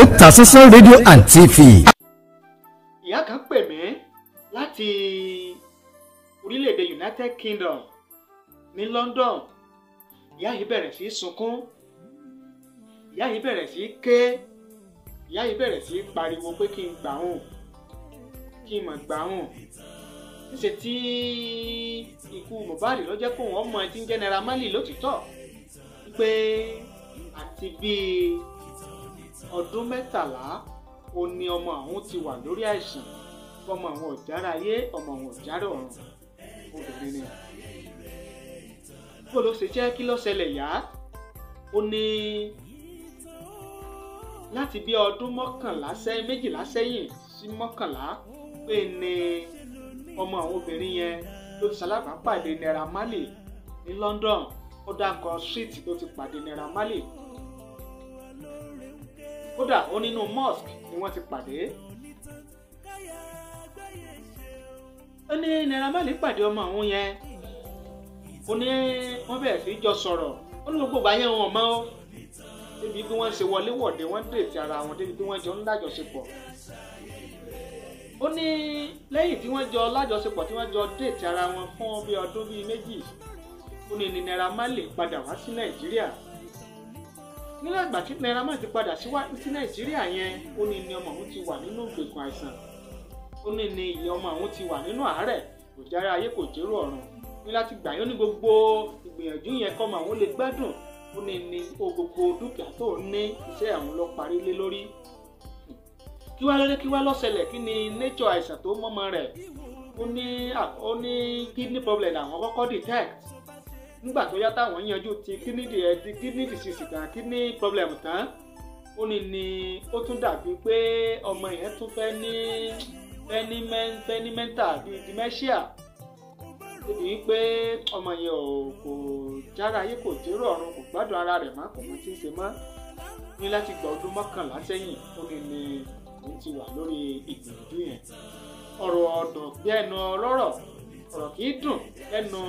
Otasansan rédíò and TV. ìyá kan pè mí láti orílẹ̀-èdè United Kingdom ní London ìyá yìí bẹ̀rẹ̀ sí í sunkún ìyá yìí bẹ̀rẹ̀ sí í ké ìyá yìí bẹ̀rẹ̀ sí í pariwo pé kí n gbàhùn kí n mọ̀ gbàhùn níṣẹ́ tí ikú Mohbad ló jẹ́ kóun ọmọ ẹtí ń jẹ́ Naira Marley lótìtọ́ pé àti bíi ọdún mẹ́tàlá ó ní ọmọ àwọn ti wà lórí àìsàn ọmọ àwọn ọ̀jára ayé ọmọ àwọn ọ̀jára ọ̀run obìnrin ni. bó ló ṣe jẹ́ kí ló ṣẹlẹ̀ yá ó ní láti bí ọdún mọ́kànlá sẹ́yìn méjìlá sẹ́yìn sí mọ́kànlá pé ni ọmọ àwọn obìnrin yẹn ló ti ṣalábàápàdé Naira Marley ní London ó dákọ street tó ti pàdé Naira Marley kódà ó nínú mosque ni wọ́n ti pàdé ó ní Naira Marley pàdé ọmọ òun yẹn ó ní wọ́n bẹ̀rẹ̀ sí jọ sọ̀rọ̀ ó ní gbogbo ìgbà yẹn wọn mọ́ ó débi bí wọ́n ṣe wọlé wọ̀de wọ́n dèétì ara wọn débi bí wọ́n jọ ń lájọṣepọ̀ ó ní lẹ́yìn tí wọ́n jọ lájọṣepọ̀ tí wọ́n jọ déètì ara wọn fún bí ọdún bíi méjì ó ní Naira Marley padà wá sí Nàìjíríà nílẹ̀ ìgbà tí Naira Marley ti padà sí wá sí Nàìjíríà yẹn ó ní ni ọmọ òun ti wà nínú gbèkùn àìsàn ó ní ni ìyá ọmọ òun ti wà nínú àárẹ̀ kò jára ayé kò jérò ọ̀run ní láti gbà yín ó ní gbogbo ìgbìyànjú yẹn kọ́ ọmọ òun lè gbádùn ó ní ni o gbogbo dúkìá tó ń ní iṣẹ́ àwọn lọ parí lé lórí kí wá lórí kí wá lọ́sẹ̀lẹ̀ kí ni nature àìsàn tó mọ́mọ rẹ̀ ó ní kidney problem àwọn kọ́kọ́ detect nígbà tó yá táwọn yanjú ti kínídì ẹ eh, ti kínídì sí sìgá kíní problem tán ó ní ni ó tún dàbí pé ọmọ yẹn tún fẹ́ ní fẹ́ ní fẹ́ ní mental bíi dementia débi pé ọmọ yẹn ò kò jára ayé kò jérò ọ̀run kò gbádùn ara rẹ̀ má kò mọ tí ń ṣe mọ́ ní láti gba ọdún mọ́kànlá sẹ́yìn ó ní ni òun ti wà lórí ìgbìyànjú yẹn ọ̀rọ̀ ọ̀dọ̀ bí ẹnu ọlọ́rọ̀ ọ̀rọ̀ kì í dùn ẹnu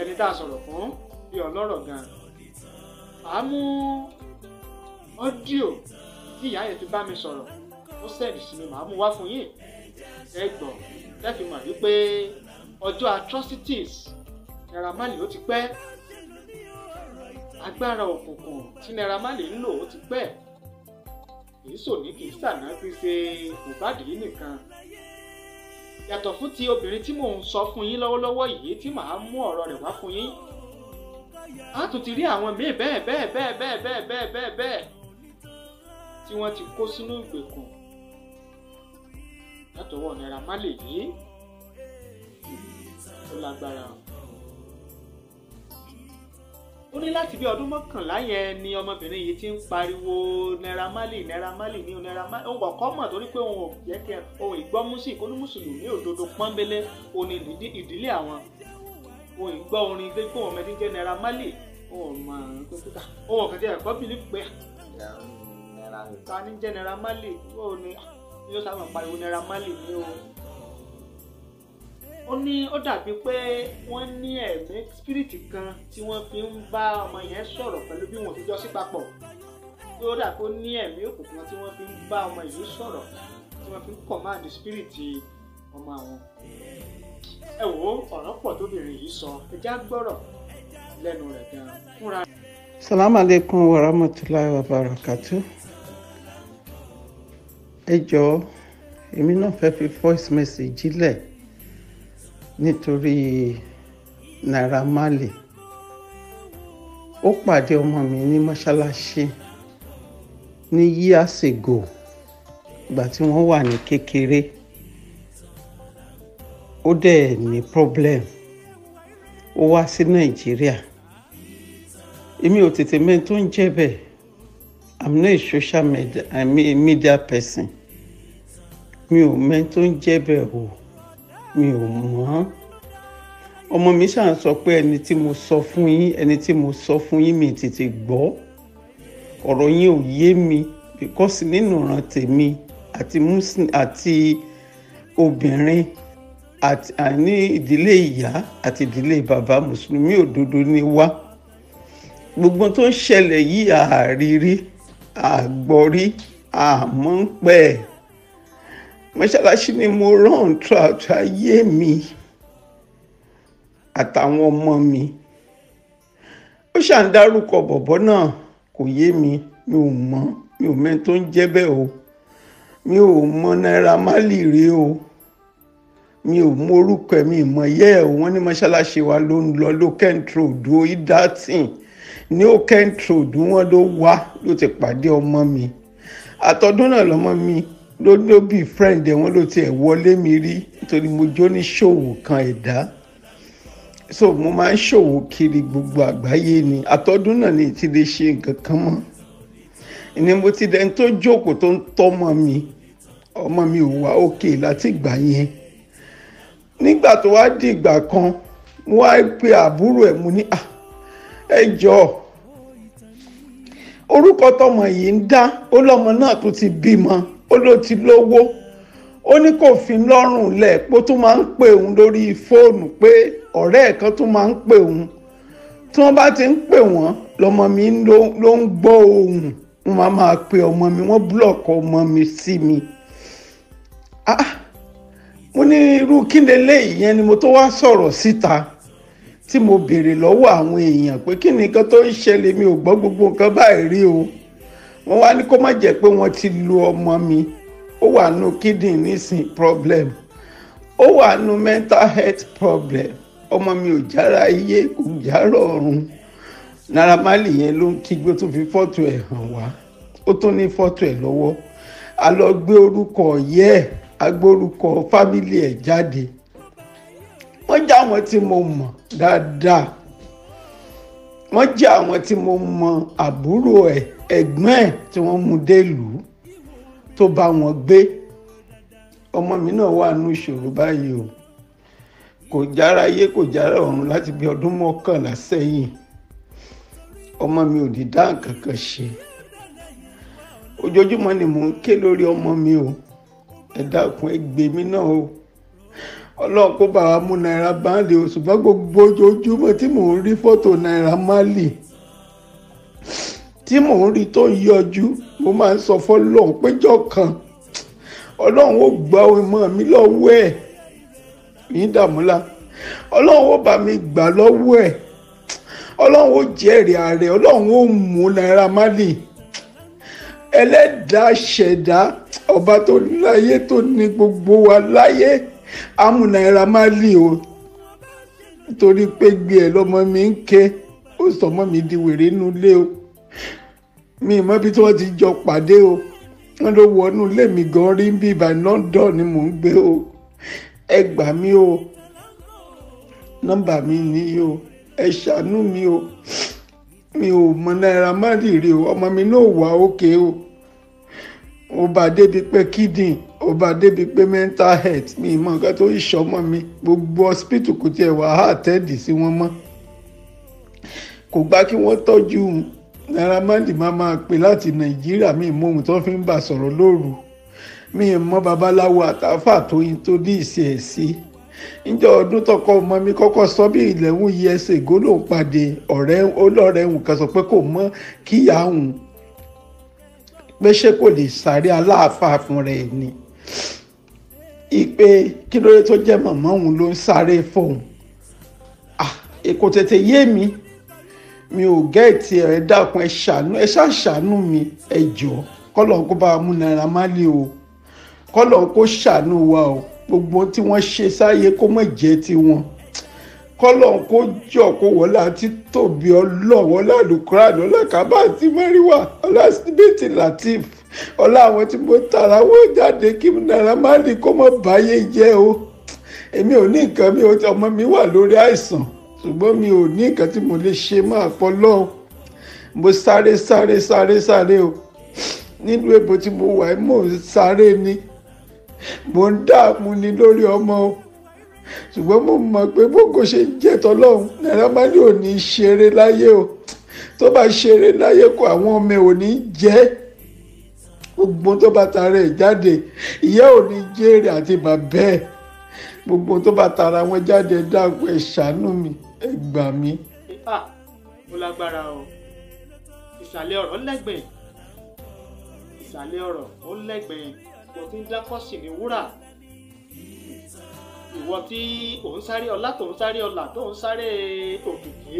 ẹni tá a sọ̀rọ̀ fún bí ọlọ́rọ̀ gan-an à á mú ọ́díò tí ìyá yẹn fi bá mi sọ̀rọ̀ ó sẹ́ẹ̀dì sí mi màá mú wá fún yín ẹ gbọ́ ẹ fi mọ̀ wípé ọjọ́ atrocities Naira Marley ó ti pẹ́ agbára òkùnkùn tí Naira Marley ń lò ó ti pẹ́ kì í sòní kì í sàná kì í ṣe kò bá dìí nìkan yàtọ̀ fún ti obìnrin tí mò ń sọ fún yín lọ́wọ́lọ́wọ́ yìí tí màá mú ọ̀rọ̀ rẹ̀ wá fún yín a tún ti rí àwọn míì bẹ́ẹ̀ bẹ́ẹ̀ bẹ́ẹ̀ bẹ́ẹ̀ bẹ́ẹ̀ bẹ́ẹ̀ bẹ́ẹ̀ bẹ́ẹ̀ tí wọ́n ti kó sínú ìgbèkùn látọwọ́ Naira Marley yìí ó lágbára o ó ní láti bí ọdún mọ́kànlá yẹn ni ọmọbìnrin yìí ti ń pariwo naira marley naira marley ní naira marley ó wọ̀kọ́ mọ̀ torí pé òun ò jẹ́ kí ohun ìgbọ́ músì kó ní mùsùlùmí òdodo pọ́nbélé òun ni ìdílé àwọn ohun ìgbọ́ orin pé kó òun mẹ́tí jẹ́ naira marley òun mọ̀ ohun ọ̀kan jẹ́ ẹ̀kọ́ bìlí pé ta ni jẹ́ naira marley òun ni ah, yóò sábà pariwo naira marley ní o ó ní ó dàbí pé wọ́n ní ẹ̀mí spirit kan tí wọ́n fi ń bá ọmọ yẹn sọ̀rọ̀ pẹ̀lú bí wọ́n ti jọ sí papọ̀ pé ó dàbí ó ní ẹ̀mí òkùnkùn tí wọ́n fi ń bá ọmọ yìí sọ̀rọ̀ tí wọ́n fi ń command spirit ọmọ àwọn. ẹ wo ọ̀rọ̀ pọ̀ tóbìnrin yìí sọ ẹja gbọ́rọ̀ lẹ́nu rẹ̀ gan-an fúnra. salamu aleykum wa rahmatulahi wa barakatu ẹ jọ̀ọ́ èmi náà fẹ́ fi voice message jílẹ̀ nítorí Naira Marley ó pàdé ọmọ mi ní mọ́ṣáláṣí ní years ago ìgbà tí wọ́n wà ní kékeré ó dẹ̀ ní problem ó wá sí Nàìjíríà èmi ò tètè mẹ́ni tó ń jẹ́ bẹ́ẹ̀ I'm not a social media, I media person mi ò mẹ́ni tó ń jẹ́ bẹ́ẹ̀ o mi ò mọ̀ ọmọ mi ṣáà sọ pé ẹni tí mo sọ fún yín ẹni tí mo sọ fún yín mi tètè gbọ́ ọ̀rọ̀ yín ò yé mi because nínú ọ̀ràn tèmi àti muslim àti obìnrin àti àní ìdílé ìyá àti ìdílé bàbá mùsùlùmí òdodo ni wá gbogbo tó ń ṣẹlẹ̀ yìí àárírí àgbọ̀rí àmọ́ ń pẹ́ ẹ̀ mọ́ṣáláṣí ni mo rán throughout ayé mi àtàwọn ọmọ mi ó ṣàǹdárúkọ bọ̀bọ̀ náà kò yé mi mi ò mọ̀ mi ò mẹ́ni tó ń jẹ́ bẹ́ẹ̀ o mi ò mọ̀ Naira Marley rí o mi ò mọ̀ orúkọ ẹ̀ mi ìmọ̀ yẹ́ ẹ̀ wọ́n ní mọ́ṣáláṣí wa ló ń lọ lókent road ó idatin ní ókent road wọ́n ló wá ló ti pàdé ọmọ mi àtọdún náà lọ́mọ mi ló ló bí friend ẹ̀ wọ́n ló tiẹ̀ wọlé mi rí nítorí mo jó ní ṣòwò kan ẹ̀dá so mo máa ń ṣòwò kiri gbogbo àgbáyé ni àtọ́dún náà ni ti lè ṣe nǹkan kan mọ́ ni mo ti dẹni tó jókòó tó ń tọ́mọ mi ọmọ mi ò wá òkè láti gbà yẹn nígbà tó wá di ìgbà kan mo wá pe àbúrò ẹ̀ mo ní à ẹ jọ̀ọ́ orúkọ tọmọ yìí ń dá ó lọmọ náà tó ti bímọ ó ló ti lówó ó ní kò fi lọ́rùn lẹ̀ pé ó tún máa ń pè òun lórí fóònù pé ọ̀rẹ́ ẹ̀ kan tún máa ń pè òun tí wọ́n bá ti ń pè wọ́n lọ́mọ mi ló ń gbọ́ ohùn wọ́n máa máa pe ọmọ mi wọ́n búlọ̀kì ọmọ mi sí mi. Ah, mo ní irú kí leléyìí yẹn ni mo tó wá sọ̀rọ̀ síta tí mo béèrè lọ́wọ́ àwọn èèyàn pé kí nìkan tó ń ṣẹlẹ̀ mi ò gbọ́ gbogbo nǹkan báyìí rí o wọ́n wá ní kó má jẹ́ pé wọ́n ti lu ọmọ mi ó wà nù kidney nísìn problem ó wà nù mental health problem ọmọ mi ò jára iye kò jára ọ̀run Naira Marley yẹn ló ń kígbe tó fi fọ́tò ẹ̀ hàn wá ó tún ní fọ́tò ẹ̀ lọ́wọ́ a lọ gbé orúkọ yẹ a gbé orúkọ fámìlì ẹ̀ jáde wọ́n jẹ́ àwọn tí mo mọ̀ dáadáa wọ́n jẹ́ àwọn tí mo mọ̀ àbúrò ẹ̀. E ẹ̀gbọ́n ẹ̀ tí wọ́n mú dé ìlú tó bá wọn gbé ọmọ mi náà wà nínú ìṣòro báyìí o kò jára ayé kò jára ọ̀run láti bí ọdún mọ́kànlá sẹ́yìn ọmọ mi ò dídá nǹkan kan ṣe ojoojúmọ́ ni mò ń ké lórí ọmọ mi o ẹ dákun ẹ mi náà o ọlọ́run kó bàbá mú náírà báńlì o ṣùgbọ́n gbogbo ojoojúmọ́ tí mò ń rí fọ́tò náírà máàlì tí mò ń rí tó ń yọjú mo máa ń sọ fọlọ́run péjọ kan ọlọ́run ó gba ọmọ mi lọ́wọ́ ẹ̀ ní Dàmúlà ọlọ́run ó bá mi gbà lọ́wọ́ ẹ̀ ọlọ́run ó jẹ́rìí ààrẹ ọlọ́run ó mú Naira Marley ẹlẹ́dàá ṣẹ̀dá ọba tó láyé tó ní gbogbo wa láyé àmú Naira Marley o nítorí pé gbé ẹ lọ́mọ mi ń ké ó sọ mi di wèrè nulẹ̀ o mi ì mọ ibi tí wọ́n ti jọ pàdé o wọ́n ló wọnú ilé mi gan rí bí ibà London ni mò ń gbé o ẹ gbà mí o nọ́mbà mi nìyí o ẹ ṣàánú mi o mi ò mọ náírà má rì rí o ọmọ mi náà wà òkè o ó bá débi pé kidney ó bá débi pé mental health mi mọ nǹkan tó ń ṣọmọ mi gbogbo hospital kò tiẹ̀ wà á àtẹ́ẹ̀dì sí wọn mọ́ kò gbà kí wọ́n tọ́jú Naira Marley máa máa pè láti Nàìjíríà mi mọ ohun tó fi ń bà sọ̀rọ̀ lóru mi mọ babaláwo àtàfà tó yin tó dí ìsẹ̀ ẹ̀ sí níjọ ọdún tọkọ ọmọ mi kọ́kọ́ sọ bí ìlẹ̀hún yìí ẹsẹ̀ ìgò ló ń pàdé ọ̀rẹ́ olóòrẹ́ kan sọ pé kò mọ kíyà òun pé ṣé kò lè sáré aláàfáà fún rẹ̀ ni ìpè kí lóore tó jẹ́ mọ̀mọ́ òun ló ń sáré fóun ah, kò tètè yé mi mi ò gẹ́ẹ̀tì ẹ̀ dákun ẹ ṣàánú ẹ ṣàṣàánú mi ẹ jọ kọ́lọ̀ kó bá mú Naira Marley o kọ́lọ̀ kó ṣàánú wa o gbogbo tí wọ́n ṣe sáyé kó mọ̀ jẹ́ tiwọn kọ́lọ̀ kó jọ kó wọlé àti tóbi ọlọ́wọ́ lálùkúrà lọ́lá kábà àti mẹ́rìnwá ọlá síbẹ̀tì Latif ọlá àwọn tí mo tara wọ́n jáde kí Naira Marley kó mọ̀ báyé jẹ́ o èmi ò ní nǹkan mi ọmọ mi wà lórí àìsàn ṣùgbọ́n mi ò ní nǹkan tí mo lè ṣe máa pọ̀ lọ́hùn mo sáré sáré sáré sáré o nílùú èbó tí mo wà mò sáré ni mò ń dààmú ni lórí ọmọ o ṣùgbọ́n mo mọ̀ pé bógo ṣe jẹ́ tọ́lọ́hún náírà má ní ò ní ṣeré láyé o tó bá ṣeré láyé kó àwọn ọmọ ò ní jẹ́ gbogbo tó bá tara ẹ̀ jáde ìyá ò ní jèrè àti bàbá ẹ̀ gbogbo tó bá tara wọn jáde dáàbò ẹ̀ ṣàánú mi ẹ gbà mí. ìhà ó lágbára o ìsàlẹ̀ ọ̀rọ̀ lẹ́gbẹ̀ẹ́ ìsàlẹ̀ ọ̀rọ̀ ó lẹ́gbẹ̀ẹ́ kò tí ń dákọ́sì ní wúrà ìwọ tí òun sáré ọlá tó ń sáré ọlà tó ń sáré òkìkí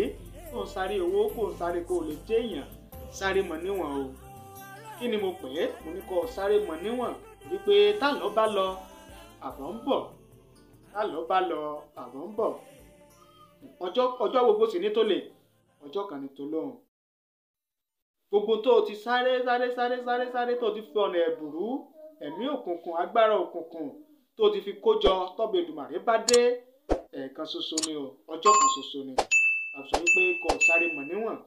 tó ń sáré owó kó ń sáré kó lè jẹ́ èèyàn sáré mọ níwọ̀n o kí ni mo pè é mo ní kó sáré mọ níwọ̀n wípé tá lọ bá lọ àbọ̀ ń bọ̀ tá lọ bá lọ àbọ̀ ń bọ̀ ọjọ́ gbogbo sì ní tòlè ọjọ́ kan ní tòlóhùn gbogbo tó o ti sáré sáré sáré sáré sáré tó o ti fi ọ̀nà ẹ̀bùrú ẹ̀mí òkùnkùn agbára òkùnkùn tó o ti fi kójọ tọ́bẹ̀ Èdùmàrè bá dé ẹ̀ẹ̀kan ṣoṣo ni o ọjọ́ kan ṣoṣo ni àṣọ wípé kò sáré mọ̀ níwọ̀n